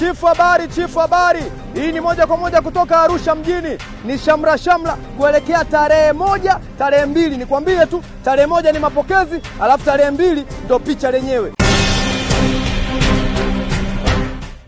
Chifu habari, chifu habari. Hii ni moja kwa moja kutoka Arusha mjini, ni shamra shamra kuelekea tarehe moja, tarehe mbili. Nikwambie tu tarehe moja ni mapokezi, alafu tarehe mbili ndo picha lenyewe.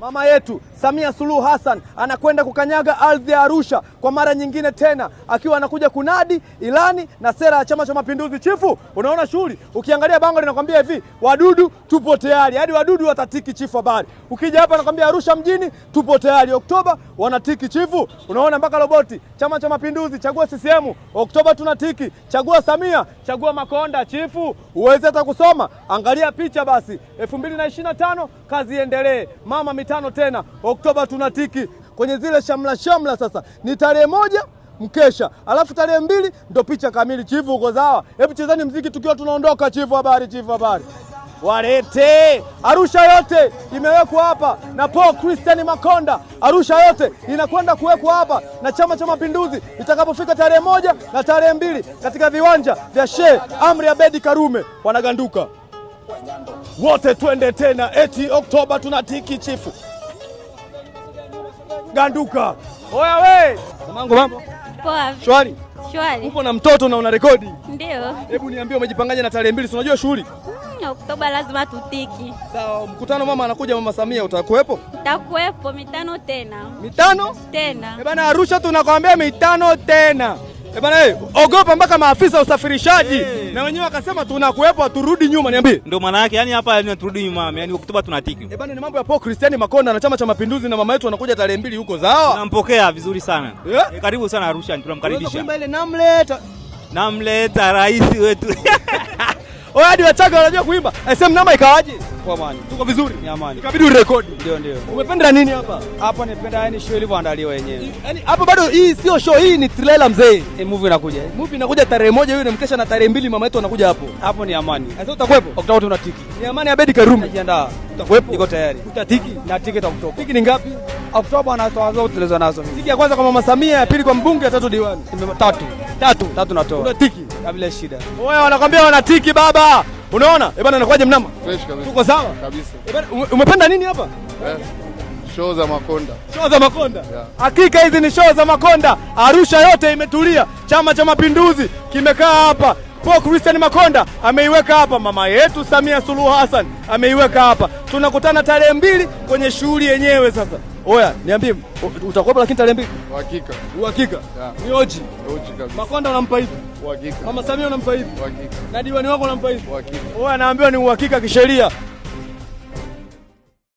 Mama yetu Samia Suluhu Hassan anakwenda kukanyaga ardhi ya Arusha kwa mara nyingine tena, akiwa anakuja kunadi ilani na sera ya Chama cha Mapinduzi. Chifu, unaona shughuli, ukiangalia bango linakwambia hivi, wadudu tupo tayari, hadi yaani wadudu watatiki chifu habari. Ukija hapa anakwambia Arusha mjini tupo tayari, Oktoba wanatiki chifu, unaona mpaka roboti. Chama cha Mapinduzi, chagua CCM, Oktoba tunatiki, chagua Samia, chagua Makonda. Chifu, uweze hata kusoma, angalia picha basi. 2025 kazi iendelee, mama mitano tena. Oktoba tunatiki kwenye zile shamla shamla. Sasa ni tarehe moja mkesha, alafu tarehe mbili ndo picha kamili. Chifu uko sawa? Hebu chezeni mziki tukiwa tunaondoka. Chifu habari, chifu habari Warete Arusha yote imewekwa hapa na Paul Christian Makonda. Arusha yote inakwenda kuwekwa hapa na Chama cha Mapinduzi itakapofika tarehe moja na tarehe mbili katika viwanja vya Sheikh Amri Abedi Karume. Wanaganduka wote, twende tena, eti Oktoba tunatiki chifu. Ganduka. Oya we. Mamangu mambo? Poa. Shwari? Shwari. Upo na mtoto na una rekodi? Ndio. Hebu niambie umejipangaje na tarehe mbili, si unajua shughuli? Mm, Oktoba lazima tutiki. Sawa, mkutano mama anakuja mama Samia utakuwepo? Nitakuwepo mitano tena. Mitano? Tena. Eh bana Arusha tunakwambia mitano tena. Eh, Bwana, eh, ogopa mpaka maafisa usafirishaji hey. Eh. Na wenyewe wakasema tunakuwepo, turudi nyuma. Niambie, ndio maana yake yani hapa turudi nyuma, yani hotuba tunatiki. Eh ni mambo ya Paul Christian Makonda na Chama cha Mapinduzi na mama yetu anakuja tarehe mbili huko sawa? Nampokea vizuri sana yeah. E, karibu sana Arusha, tunamkaribisha. Kuimba ile namleta namleta rais wetu. Oya, hadi Wachaga wanajua kuimba. Sema namba ikawaje? kwa amani, tuko vizuri, ni amani. Ikabidi urekodi. Ndio, ndio. Umependa nini hapa? Hapa nipenda yani show ilivyoandaliwa yenyewe. Yaani hapa bado hii sio show, hii ni trailer mzee. E, movie inakuja. Eh. Movie inakuja tarehe moja hiyo inamkesha na tarehe mbili mama yetu anakuja hapo. Hapo ni amani. Sasa utakuwepo? Oktoba tuna tiki. Ni amani ya Bedi Karume. Najiandaa. Utakuwepo? Niko tayari. Utatiki na tiketi itakutoka. Tiki ni ngapi? Oktoba anatoa tulizo nazo. Tiki ya kwanza kwa Mama Samia, ya pili kwa mbunge, ya tatu diwani. Tatu. Tatu. Tatu natoa. Tuna tiki. Kabla shida. Wewe wanakwambia wana tiki baba. Unaona? Eh bana, nakuaje mnama? Fresh kabisa. Tuko sawa? Kabisa. Eh bana, umependa nini hapa? Eh, show za Makonda. Show za Makonda. Hakika Hizi ni show za Makonda. Arusha yote imetulia. Chama cha Mapinduzi kimekaa hapa. po Christian Makonda ameiweka hapa, mama yetu Samia Suluhu Hassan ameiweka hapa. Tunakutana tarehe mbili kwenye shughuli yenyewe sasa. Oya, niambie utakuwa lakini tarehe mbili? Uhakika. Uhakika. Ni oji. Oji kabisa. Makonda unampa hivi? Uhakika. Mama Samia unampa hivi? Uhakika. Na diwani wako unampa hivi? Uhakika. Oya, naambiwa ni uhakika kisheria.